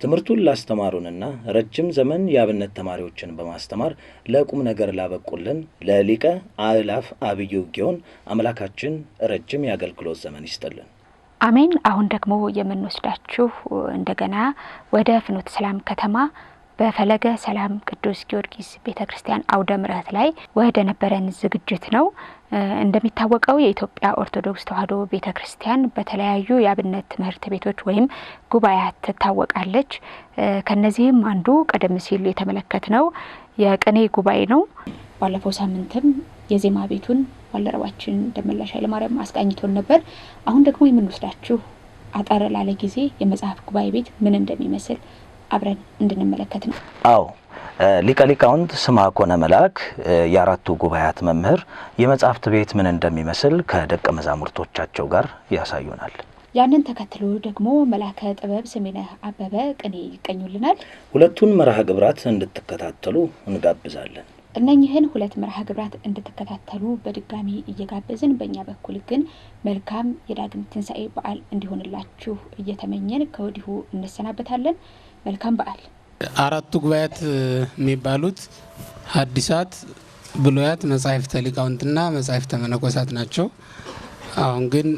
ትምህርቱን ላስተማሩንና ረጅም ዘመን የአብነት ተማሪዎችን በማስተማር ለቁም ነገር ላበቁልን ለሊቀ አእላፍ አብዩ ጊዮን አምላካችን ረጅም የአገልግሎት ዘመን ይስጥልን፣ አሜን። አሁን ደግሞ የምንወስዳችሁ እንደገና ወደ ፍኖተ ሰላም ከተማ በፈለገ ሰላም ቅዱስ ጊዮርጊስ ቤተ ክርስቲያን አውደ ምረት ላይ ወደ ነበረን ዝግጅት ነው። እንደሚታወቀው የኢትዮጵያ ኦርቶዶክስ ተዋሕዶ ቤተ ክርስቲያን በተለያዩ የአብነት ትምህርት ቤቶች ወይም ጉባኤያት ትታወቃለች። ከነዚህም አንዱ ቀደም ሲል የተመለከትነው የቅኔ ጉባኤ ነው። ባለፈው ሳምንትም የዜማ ቤቱን ባልደረባችን ደመላሽ ኃይለማርያም አስቃኝቶን ነበር። አሁን ደግሞ የምንወስዳችሁ አጠር ላለ ጊዜ የመጽሐፍ ጉባኤ ቤት ምን እንደሚመስል አብረን እንድንመለከት ነው። አዎ ሊቀ ሊቃውንት ስምዐኮነ መልአክ የአራቱ ጉባኤያት መምህር የመጽሐፍት ቤት ምን እንደሚመስል ከደቀ መዛሙርቶቻቸው ጋር ያሳዩናል። ያንን ተከትሎ ደግሞ መልአከ ጥበብ ስሜነህ አበበ ቅኔ ይቀኙልናል። ሁለቱን መርሃ ግብራት እንድትከታተሉ እንጋብዛለን። እነኝህን ሁለት መርሃ ግብራት እንድትከታተሉ በድጋሚ እየጋበዝን በእኛ በኩል ግን መልካም የዳግም ትንሣኤ በዓል እንዲሆንላችሁ እየተመኘን ከወዲሁ እንሰናበታለን። መልካም በዓል። አራቱ ጉባኤያት የሚባሉት ሐዲሳት፣ ብሉያት፣ መጻሕፍተ ሊቃውንትና መጻሕፍተ መነኮሳት ናቸው። አሁን ግን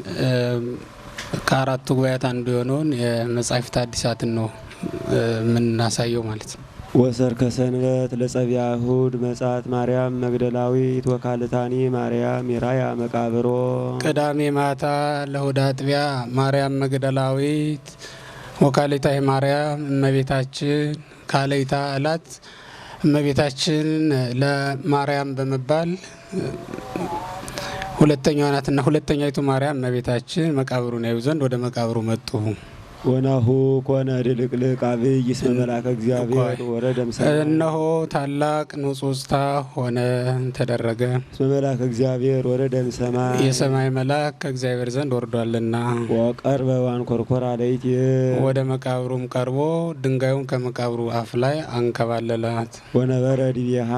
ከአራቱ ጉባኤያት አንዱ የሆነውን የመጻሕፍተ ሐዲሳትን ነው የምናሳየው ማለት ነው። ወሰርከ ሰንበት ለጸቢያ እሁድ መጻት ማርያም መግደላዊት ወካልታኒ ማርያም የራያ መቃብሮ ቅዳሜ ማታ ለእሁድ አጥቢያ ማርያም መግደላዊት ወካሌታ የማርያም እመቤታችን ካለይታ እላት እመቤታችን ለማርያም በመባል ሁለተኛዋ ናትና ሁለተኛይቱ ማርያም እመቤታችን መቃብሩን ያዩ ዘንድ ወደ መቃብሩ መጡ። ወናሁ ኮነ ድልቅልቅ አብይ እስመ መልአከ እግዚአብሔር ወረደ ምሳሌ እነሆ ታላቅ ንጹስታ ሆነ ተደረገ። እስመ መልአከ እግዚአብሔር ወረደ እምሰማይ፣ የሰማይ መልአክ ከእግዚአብሔር ዘንድ ወርዷልና። ወቀርበ ወአንኰርኰረ እለእትየ፣ ወደ መቃብሩም ቀርቦ ድንጋዩን ከመቃብሩ አፍ ላይ አንከባለላት። ወነበረ ዲቤሃ፣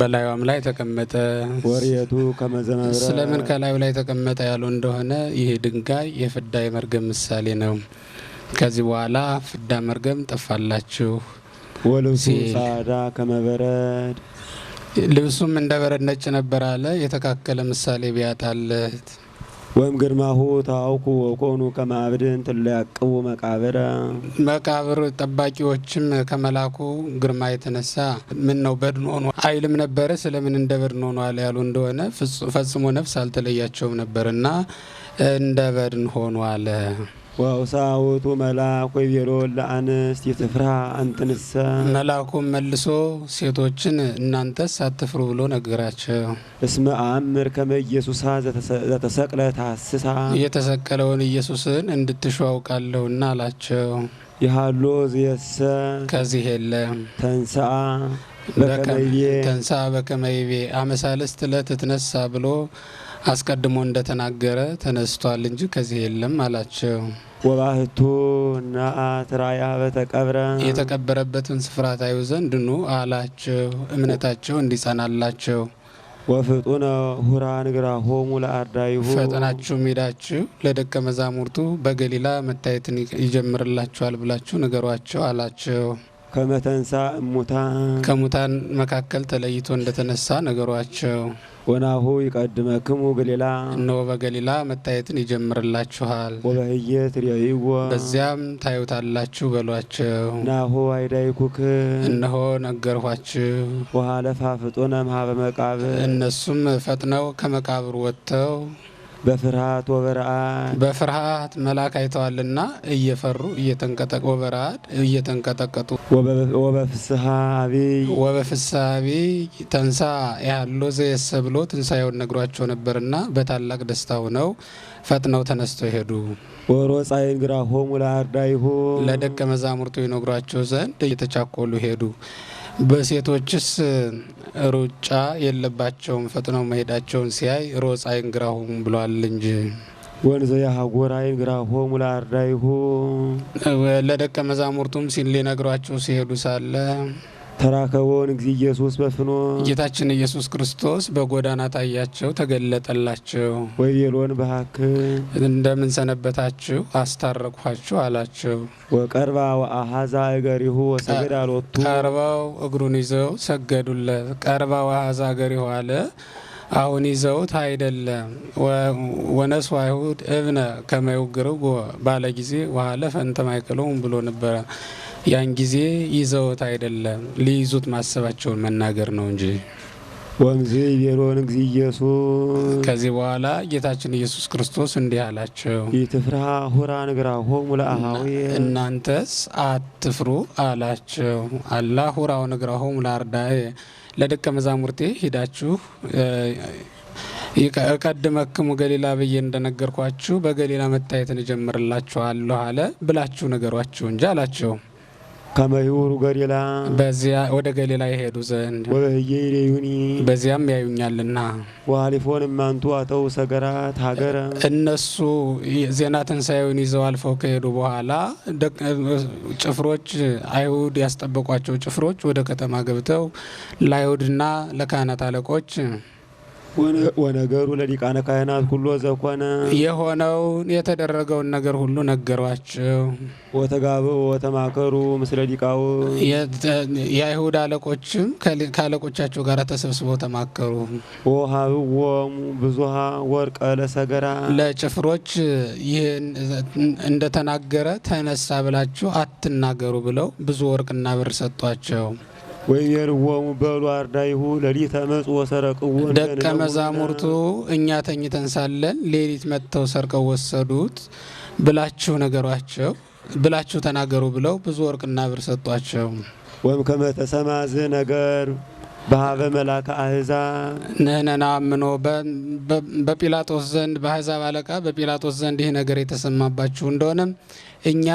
በላዩም ላይ ተቀመጠ። ወርየቱ ከመ ስለምን ከላዩ ላይ ተቀመጠ ያሉ እንደሆነ ይህ ድንጋይ የፍዳ የመርገም ምሳሌ ነው። ከዚህ በኋላ ፍዳ መርገም ጠፋላችሁ። ወልብሱ ጻዕዳ ከመበረድ ልብሱም እንደ በረድ ነጭ ነበር አለ። የተካከለ ምሳሌ ቢያጣለት ወይም ግርማሁ ታውኩ ወኮኑ ከማብድን ትለያቅቡ መቃብር መቃብር ጠባቂዎችም ከመላኩ ግርማ የተነሳ ምን ነው በድን ሆኖ አይልም ነበረ። ስለምን እንደ በድን ሆኖ አለ ያሉ እንደሆነ ፈጽሞ ነፍስ አልተለያቸውም ነበርና እንደ በድን ሆኖ አለ። ወአውሳውቱ መልአኩ ይቤሮን ለአንስት ይትፍራ አንትንሰ። መልአኩም መልሶ ሴቶችን እናንተስ አትፍሩ ብሎ ነገራቸው። እስመ አእምር ከመ ኢየሱሳ ዘተሰቅለ ታስሳ የተሰቀለውን ኢየሱስን እንድትሹ አውቃለሁና አላቸው። ይሃሎ ዝየሰ ከዚህ የለም ተንስአ ተንስአ በከመይቤ አመሳልስት ዕለት ትነሳ ብሎ አስቀድሞ እንደተናገረ ተነስቷል እንጂ ከዚህ የለም አላቸው። ወባህቱ ናአትራያ በተቀብረ የተቀበረበትን ስፍራ ታዩ ዘንድ ኑ አላቸው። እምነታቸው እንዲጸናላቸው ወፍጡነ ሁራ ሆሙ ለአርዳይሁ ፈጠናችሁ ሄዳችሁ ለደቀ መዛሙርቱ በገሊላ መታየትን ይጀምርላችኋል ብላችሁ ንገሯቸው አላቸው። ከመተንሳ እሙታን ከሙታን መካከል ተለይቶ እንደተነሳ ነገሯቸው። ወናሁ ክሙ ገሊላ እነሆ በገሊላ መታየትን ይጀምርላችኋል። ወበህየት ርእይዎ በዚያም ታዩታላችሁ በሏቸው። ናሁ አይዳይኩክ እነሆ ነገርኋችሁ። ወሃለፋ ፍጡነ እምኀበ መቃብር እነሱም ፈጥነው ከመቃብር ወጥተው በፍርሃት ወበረአድ በፍርሃት መልአክ አይተዋልና እየፈሩ ወበረአድ እየተንቀጠቀጡ ወበፍስሃ አብይ ወበፍስሃ አብይ ተንሳ ያህሎ ዘየሰ ብሎ ትንሣኤውን ነግሯቸው ነበርና በታላቅ ደስታ ሆነው ፈጥነው ተነስተው ሄዱ። ወሮጻ ይንግራሆሙ ለአርዳይሁ ለደቀ መዛሙርቱ ይነግሯቸው ዘንድ እየተቻኮሉ ሄዱ። በሴቶችስ ሩጫ የለባቸውም ፈጥነው መሄዳቸውን ሲያይ ሮጽ አይንግራሁም ብሏል እንጂ ወንዘ ያሀጎር አይንግራሆሙ ለአርዳይሁ ለደቀ መዛሙርቱም ሲል ሊነግሯቸው ሲሄዱ ሳለ ተራከቦን እግዚ ኢየሱስ በፍኖ ጌታችን ኢየሱስ ክርስቶስ በጎዳና ታያቸው፣ ተገለጠላቸው። ወይቤሎን እንደምን ሰነበታችሁ አስታረቅኋችሁ አላቸው። ወቀርባ ወአሃዛ እገሪሁ ወሰገድ አሎቱ ቀርባው እግሩን ይዘው ሰገዱለት። ቀርባ ወአሃዛ እገሪሁ አለ አሁን ይዘውት አይደለም። ወነሱ አይሁድ እብነ ከመይውግርዎ ባለ ጊዜ ዋለ ፈንተ ማይክለውም ብሎ ነበረ ያን ጊዜ ይዘውት አይደለም ሊይዙት ማሰባቸውን መናገር ነው እንጂ ወምዝ የሮን እግዚ ኢየሱስ ከዚህ በኋላ ጌታችን ኢየሱስ ክርስቶስ እንዲህ አላቸው፣ ኢትፍራ ሁራ ንግራሆሙ ለአሃዊ እናንተስ አትፍሩ አላቸው። አላ ሁራው ንግራሆሙ ለአርዳኤ ለደቀ መዛሙርቴ ሂዳችሁ እቀድመክሙ ገሊላ ብዬ እንደነገርኳችሁ በገሊላ መታየትን እጀምርላችኋለሁ አለ ብላችሁ ነገሯችሁ እንጂ አላቸው። ከመህውሩ ገሊላ በዚያ ወደ ገሊላ የሄዱ ዘንድ ወበህየይሌ ይሁኒ በዚያም ያዩኛልና ወአሊፎን እማንቱ አተው ሰገራት ሀገረ እነሱ ዜና ትንሣኤውን ይዘው አልፈው ከሄዱ በኋላ ጭፍሮች አይሁድ ያስጠበቋቸው ጭፍሮች ወደ ከተማ ገብተው ለአይሁድና ለካህናት አለቆች ወነገሩ ለዲቃነ ካህናት ሁሉ ዘኮነ የሆነው የተደረገውን ነገር ሁሉ ነገሯቸው። ወተጋበው ወተማከሩ ምስለ ዲቃው የአይሁድ አለቆችም ከአለቆቻቸው ጋር ተሰብስበው ተማከሩ። ወሀብዎሙ ብዙሃ ወርቀ ለሰገራ ለጭፍሮች ይህን እንደተናገረ ተነሳ ብላችሁ አትናገሩ ብለው ብዙ ወርቅና ብር ሰጧቸው። ወይቤርዎሙ በሉ አርዳይሁ ሌሊተ መጽኡ ወሰረቅዎ። ደቀ መዛሙርቱ እኛ ተኝተን ሳለን ሌሊት መጥተው ሰርቀው ወሰዱት ብላችሁ ነገሯቸው ብላችሁ ተናገሩ ብለው ብዙ ወርቅና ብር ሰጧቸው። ወእምከመ ከመተሰማዝ ነገር በሀበ መላከ አህዛ ንህነና ምኖ በጲላጦስ ዘንድ በአህዛብ አለቃ በጲላጦስ ዘንድ ይህ ነገር የተሰማባችሁ እንደሆነም እኛ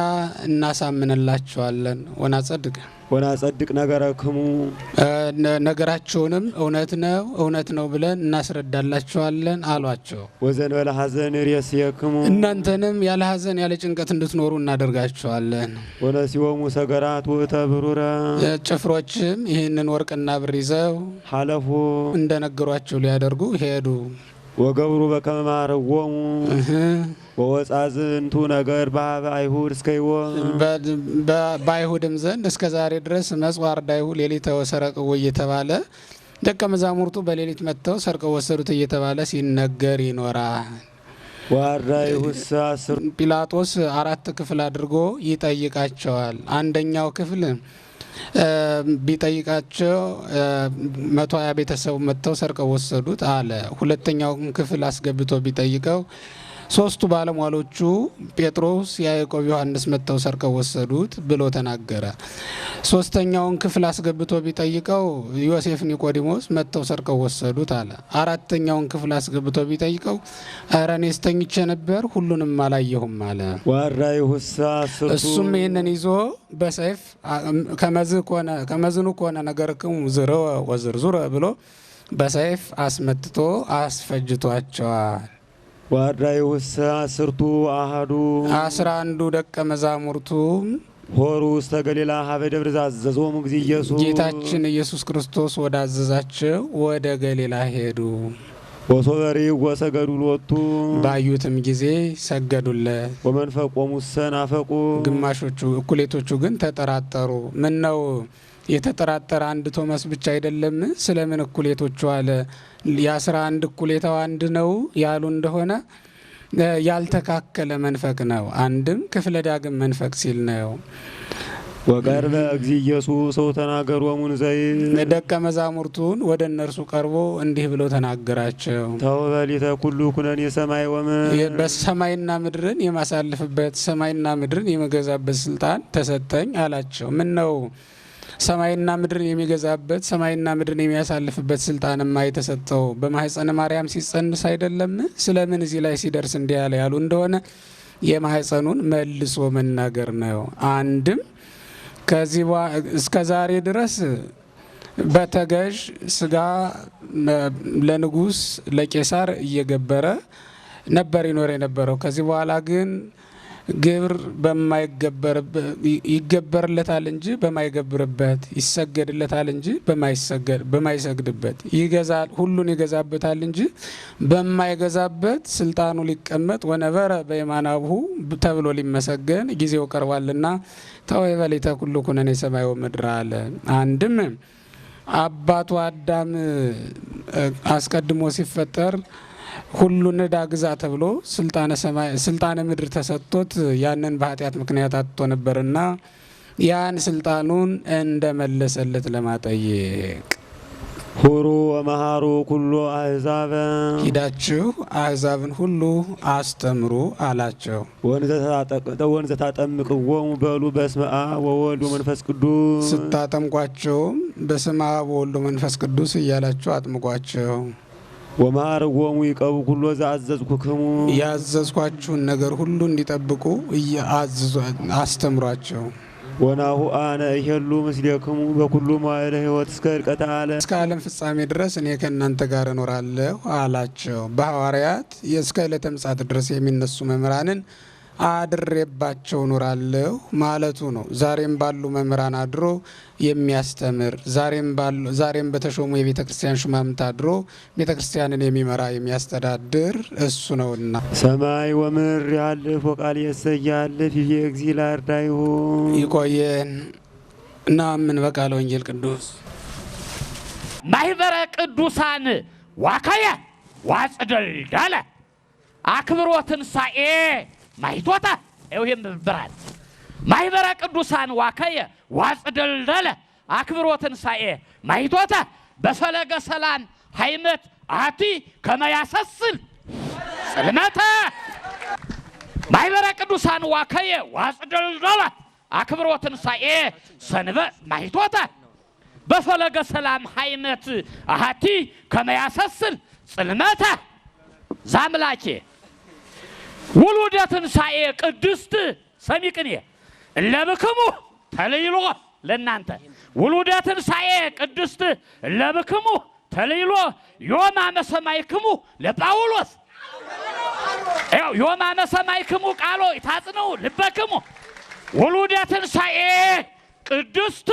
እናሳምንላችኋለን። ወናጸድቅ ወናጸድቅ ነገረክሙ ነገራችሁንም እውነት ነው እውነት ነው ብለን እናስረዳላችኋለን አሏቸው። ወዘንበለ ሐዘን ርእስየክሙ እናንተንም ያለ ሀዘን ያለ ጭንቀት እንድትኖሩ እናደርጋችኋለን። ወነሲዎሙ ሰገራት ውእተ ብሩረ ጭፍሮችም ይህንን ወርቅና ብር ይዘው ሀለፉ እንደነገሯቸው ሊያደርጉ ሄዱ። ወገብሩ በከመማርዎሙ ወወጻዝንቱ ነገር ባህበ አይሁድ እስከይዎ በአይሁድም ዘንድ እስከ ዛሬ ድረስ መጽዋር ዳይሁ ሌሊት ወሰረቅዎ እየተባለ ደቀ መዛሙርቱ በሌሊት መጥተው ሰርቀው ወሰዱት እየተባለ ሲነገር ይኖራል። ዋራይሁሳ ጲላጦስ አራት ክፍል አድርጎ ይጠይቃቸዋል። አንደኛው ክፍል ቢጠይቃቸው መቶ ሀያ ቤተሰቡ መጥተው ሰርቀው ወሰዱት አለ። ሁለተኛውን ክፍል አስገብቶ ቢጠይቀው ሶስቱ ባለሟሎቹ ጴጥሮስ፣ ያዕቆብ፣ ዮሐንስ መጥተው ሰርቀው ወሰዱት ብሎ ተናገረ። ሶስተኛውን ክፍል አስገብቶ ቢጠይቀው ዮሴፍ፣ ኒቆዲሞስ መጥተው ሰርቀው ወሰዱት አለ። አራተኛውን ክፍል አስገብቶ ቢጠይቀው ኧረ እኔ ስተኝቼ ነበር ሁሉንም አላየሁም አለ። እሱም ይህንን ይዞ በሰይፍ ከመዝኑ ከሆነ ነገርክሙ ወዝር ዙረ ብሎ በሰይፍ አስመትቶ አስፈጅቷቸዋል። ዋዳይ ዋርዳይውሰ አስርቱ አሃዱ አስራ አንዱ ደቀ መዛሙርቱ ሆሩ ውስተ ገሊላ ሀበ ደብር ዛዘዞሙ ጊዜ ኢየሱስ ጌታችን ኢየሱስ ክርስቶስ ወደ አዘዛቸው ወደ ገሊላ ሄዱ። ወሶበሪ ወሰገዱ ሎቱ ባዩትም ጊዜ ሰገዱለት። ወመንፈቆሙ ሰናፈቁ ግማሾቹ እኩሌቶቹ ግን ተጠራጠሩ። ምን ነው የተጠራጠረ አንድ ቶማስ ብቻ አይደለም። ስለምን እኩሌቶቹ አለ የአስራ አንድ እኩሌታው አንድ ነው ያሉ እንደሆነ ያልተካከለ መንፈቅ ነው። አንድም ክፍለ ዳግም መንፈቅ ሲል ነው። ወቀርበ እግዚ ኢየሱስ ሰው ተናገሩ ደቀ መዛሙርቱን ወደ እነርሱ ቀርቦ እንዲህ ብሎ ተናገራቸው። ተወበሊተ ኩሉ ኩነን የሰማይ ወም በሰማይና ምድርን የማሳልፍበት ሰማይና ምድርን የመገዛበት ስልጣን ተሰጠኝ አላቸው። ምን ነው ሰማይና ምድርን የሚገዛበት ሰማይና ምድርን የሚያሳልፍበት ስልጣንማ የተሰጠው በማህፀነ ማርያም ሲጸንስ አይደለም? ስለምን እዚህ ላይ ሲደርስ እንዲህ ያለ ያሉ እንደሆነ የማህፀኑን መልሶ መናገር ነው። አንድም ከዚህ እስከ ዛሬ ድረስ በተገዥ ስጋ ለንጉስ ለቄሳር እየገበረ ነበር ይኖር የነበረው። ከዚህ በኋላ ግን ግብር በማይገበርበት ይገበርለታል እንጂ በማይገብርበት ይሰገድለታል እንጂ በማይሰግድበት ይገዛል ሁሉን ይገዛበታል እንጂ በማይገዛበት ስልጣኑ ሊቀመጥ ወነበረ በየማናብሁ ተብሎ ሊመሰገን ጊዜው ቀርቧልና ተወይበሌተ ኩሉ ኩነን የሰማዩ ምድር አለ። አንድም አባቱ አዳም አስቀድሞ ሲፈጠር ሁሉን ዕዳ ግዛ ተብሎ ስልጣነ ምድር ተሰጥቶት ያንን በኃጢአት ምክንያት አጥቶ ነበርና ያን ስልጣኑን እንደመለሰለት ለማጠየቅ ሁሩ ወመሃሩ ኩሉ አህዛበ ሂዳችሁ አህዛብን ሁሉ አስተምሩ አላቸው። ወንዘ ታጠምቅዎሙ በሉ በስመ አብ ወወልድ ወመንፈስ ቅዱስ ስታጠምቋቸውም በስመ አብ ወወልድ ወመንፈስ ቅዱስ እያላችሁ አጥምቋቸው። ወማርጎሙ ይቀቡ ሁሉ ዘአዘዝኩክሙ ያዘዝኳችሁን ነገር ሁሉ እንዲጠብቁ እያአዝዙ አስተምሯቸው። ወናሁ አነ ይሄሉ ምስሌክሙ በኩሉ መዋዕለ ሕይወት እስከ ዕርቀተ ዓለም እስከ ዓለም ፍጻሜ ድረስ እኔ ከእናንተ ጋር እኖራለሁ አላቸው። በሐዋርያት የእስከ ዕለተ ምጽአት ድረስ የሚነሱ መምህራንን አድሬባቸው ኖራለሁ ማለቱ ነው። ዛሬም ባሉ መምህራን አድሮ የሚያስተምር ዛሬም በተሾሙ የቤተ ክርስቲያን ሹማምንት አድሮ ቤተ ክርስቲያንን የሚመራ የሚያስተዳድር እሱ ነውና ሰማይ ወምር ያልፍ ወቃል የሰያልፍ ይዤ እግዚ ላርዳይሁ ይቆየን እና ምን በቃለ ወንጌል ቅዱስ ማህበረ ቅዱሳን ዋከየ ዋጽደል አክብሮ ትንሣኤ ማይቶታ ይሄም ብራል ማህበረ ቅዱሳን ዋከየ ዋጽደልደለ አክብሮ ትንሣኤ ማይቶታ በፈለገ ሰላን ሃይመት አቲ ከመያሰስል ጽልመተ ማህበረ ቅዱሳን ዋከየ ዋጽደልደለ አክብሮ ትንሣኤ ሰንበ ማይቶታ በፈለገ ሰላም ሃይመት አቲ ከመያሰስል ጽልመተ ዛምላኬ ወልወደ ትንሣኤ ቅድስት ሰሚቅኔ እለብክሙ ተለይሎ ለእናንተ ወልወደ ትንሣኤ ቅድስት እለብክሙ ተለይሎ ዮማ መሰማይክሙ ለጳውሎስ ያው ዮማ ቃሎ ይታጽነው ልበክሙ ወልወደ ትንሣኤ ቅድስት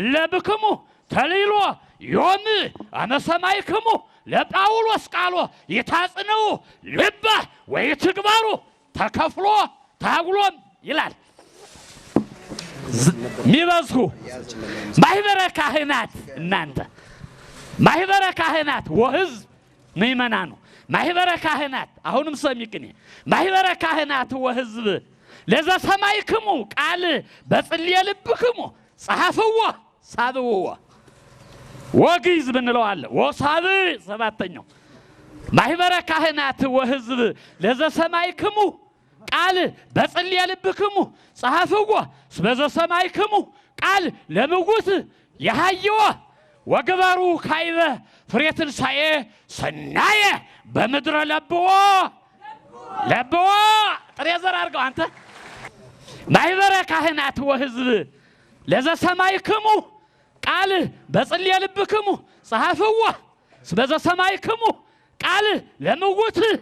እለብክሙ ተለይሎ ዮም አመሰማይክሙ ለጳውሎስ ቃሎ ይታጽንው ልበ ወይ ትግባሩ ተከፍሎ ታግሎም ይላል። ሚበዝሁ ማህበረ ካህናት እናንተ ማህበረ ካህናት ወህዝብ ምእመና ነው። ማህበረ ካህናት አሁንም ሰሚቅኔ ማህበረ ካህናት ወህዝብ ለዘ ክሙ ቃል በጽልየ ልብ ልብክሙ ጸሐፍዎ ሳብውዎ وغيز من الوال وصابي سباتنو ماهبرا كهنات وهزب لذا سمايكمو قال بس اللي يلبكمو صحافوغو سبزا سمايكمو قال لبغوت يهيوه وقبارو كايبة فريت سايه سنايه بمدر لبوه لبوه تريزر أرقو أنت ماهبرا كهنات وهزب لذا سمايكمو ቃል በጽልየ ልብክሙ ጸሐፍዎ በዘ ሰማይክሙ ቃልህ ለምውትህ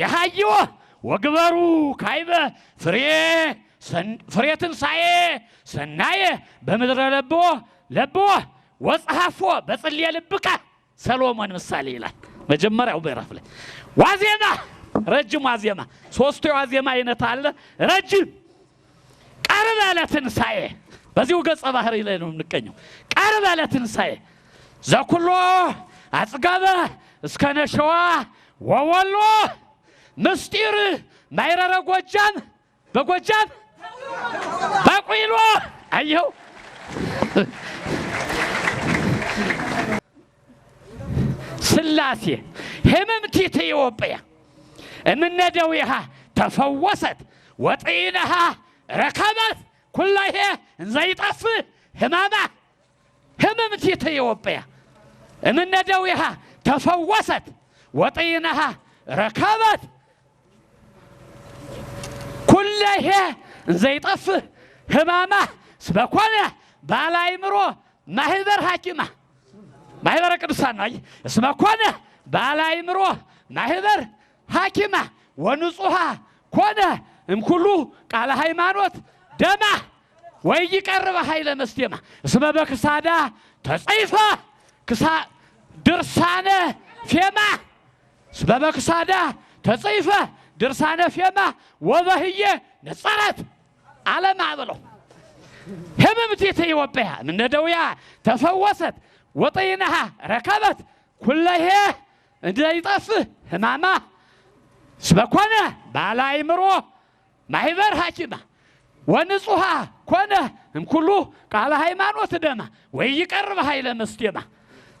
የሃይወ ወግበሩ ካይበ ፍሬ ፍሬ ትንሣኤ ሰናየ በምድረ ለብዎ ለብዎ ወጸሐፎ በጽልየ ልብከ ሰሎሞን ምሳሌ ይላል። መጀመሪያው ምዕራፍ ላይ ዋዜማ ረጅም ዋዜማ ሶስቱ የዋዜማ አይነት አለ። ረጅም ቀረበ ለትንሣኤ بزيو قصة بحر إلينا من كنيو كارب على تنساي زاكولو أتقابا اسكان شوا ووالو نستير مايرا رقوجان بقوجان باقويلو أيو سلاسي همم تيتي وبيا أمن ندويها تفوست وطينها ركبت ኩላይሄ እንዘይጠፍ ህማማ ህምምቲት ኢዮጵያ እምነ ደዊሃ ተፈወሰት ወጤናሃ ረከበት ኩላይሄ እንዘይጠፍህ ህማማ ስበኮነ ባላይምሮ ማህበር ሐኪማ ማህበረ ቅዱሳን ነው። እስመኮነ ባላይምሮ ማህበር ሐኪማ ወንጹሃ ኮነ እምኩሉ ቃለ ሃይማኖት دما ويقرب حيل مستيما سبب كسادا تصيفا كسا درسانه فيما سبب كسادا تصيفا درسانه فيما وضهية نصرت على ما بلو هم متيتي وبها من ندويا تفوست وطينها ركبت كلها عندها يطف همامه سبكونه بالايمرو ما هي برهاكمه ወንጹሐ ኮነ እምኩሉ ቃለ ሃይማኖት ደማ ይቀርብ ኃይለ መስቴማ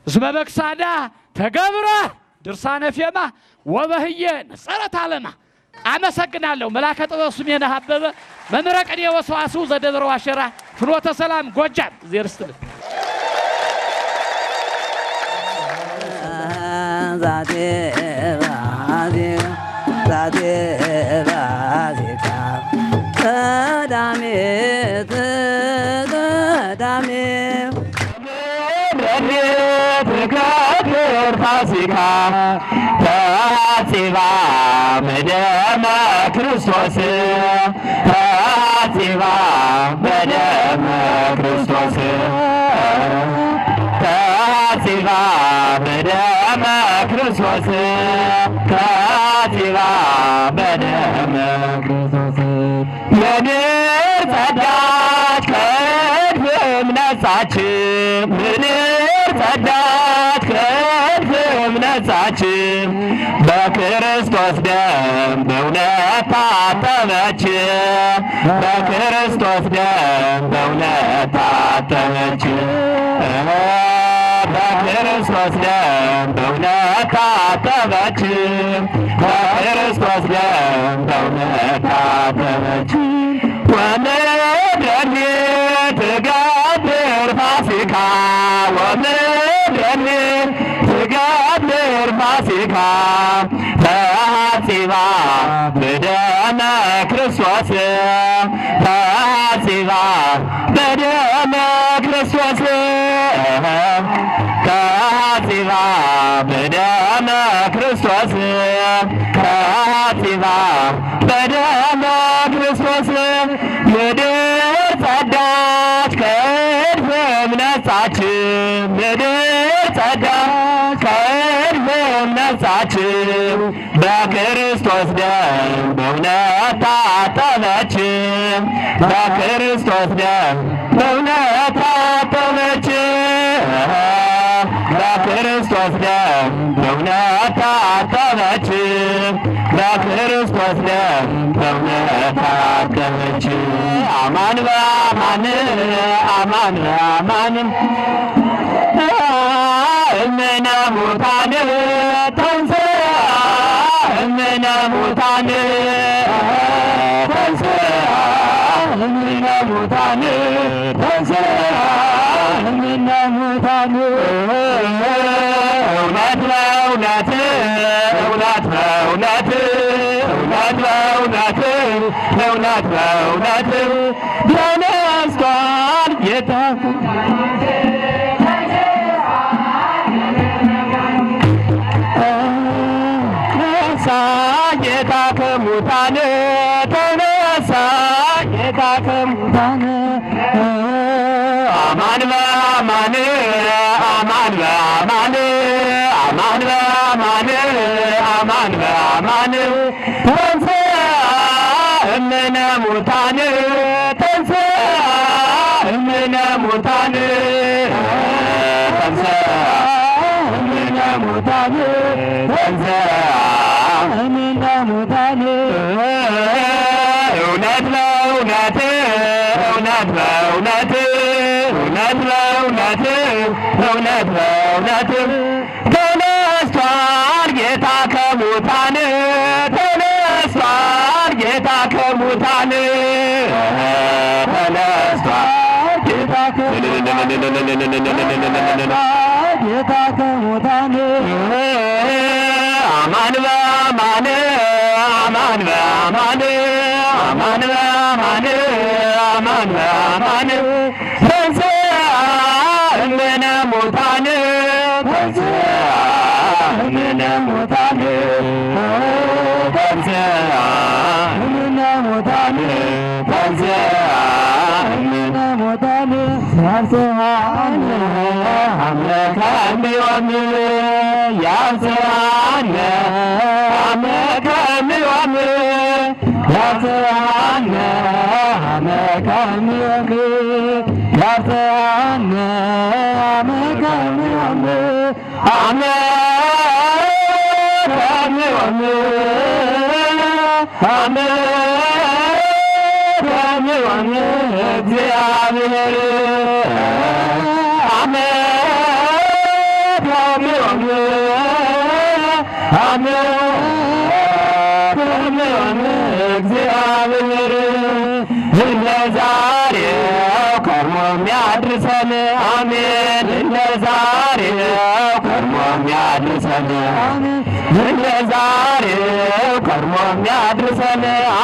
እስመ በክሳዳ ተገብረ ድርሳነ ፌማ ወበህየ ነጸረት አለማ። አመሰግናለሁ። መልአከ ጥበብ ስሜነህ አበበ መምረቅን የወሰዋሱ ወሰዋስው ዘደብረ ዋሸራ ፍኖተ ሰላም ጎጃም እግዜር ይስጥልኝ። ዛቴ ቀዳሜ ተቀዳሜ መደመ ክርስቶስ ተአፂባ ተጠመቀች፣ በክርስቶስ ደም በእውነት ታጠበች፣ በክርስቶስ ደም በእውነት ታጠበች፣ በክርስቶስ ደም በእውነት ታጠበች። परिवार በክርስቶስ ደም በእውነት ታጠበች፣ በክርስቶስ ደም በእውነት ታጠበች፣ በክርስቶስ ደም በእውነት ታጠበች፣ በክርስቶስ ደም በእውነት ታጠበች። አማን በአማን አማን በአማን እምነ ሙታን እውነት በእውነት እውነት በእውነት እውነት በእውነት እውነት በእውነት David, David, Hey! Àmì ọ̀rẹ́ àmì ọ̀rẹ́ àmì ọ̀rẹ́ àmì ọ̀rẹ́ ti àmì ọ̀rẹ́ àmì ọ̀rẹ́ àmì ọ̀rẹ́ àmì ọ̀rẹ́.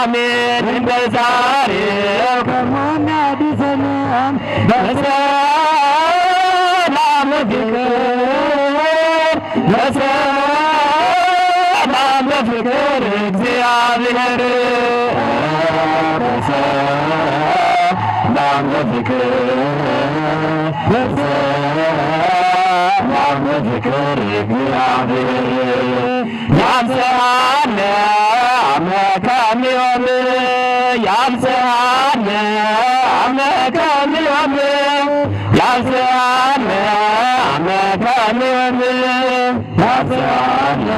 አሜን እንደዛሬ በሆነ ዲዘንም በሰላም ፍቅር ፍቅር እግዚአብሔር በሰላም ፍቅር በሰላም ፍቅር እግዚአብሔር ያንሰራለን አመካሚዮም ያብስሃነ አመካሚዮም ያብስሃነ አመካሚዮም ያብስሃነ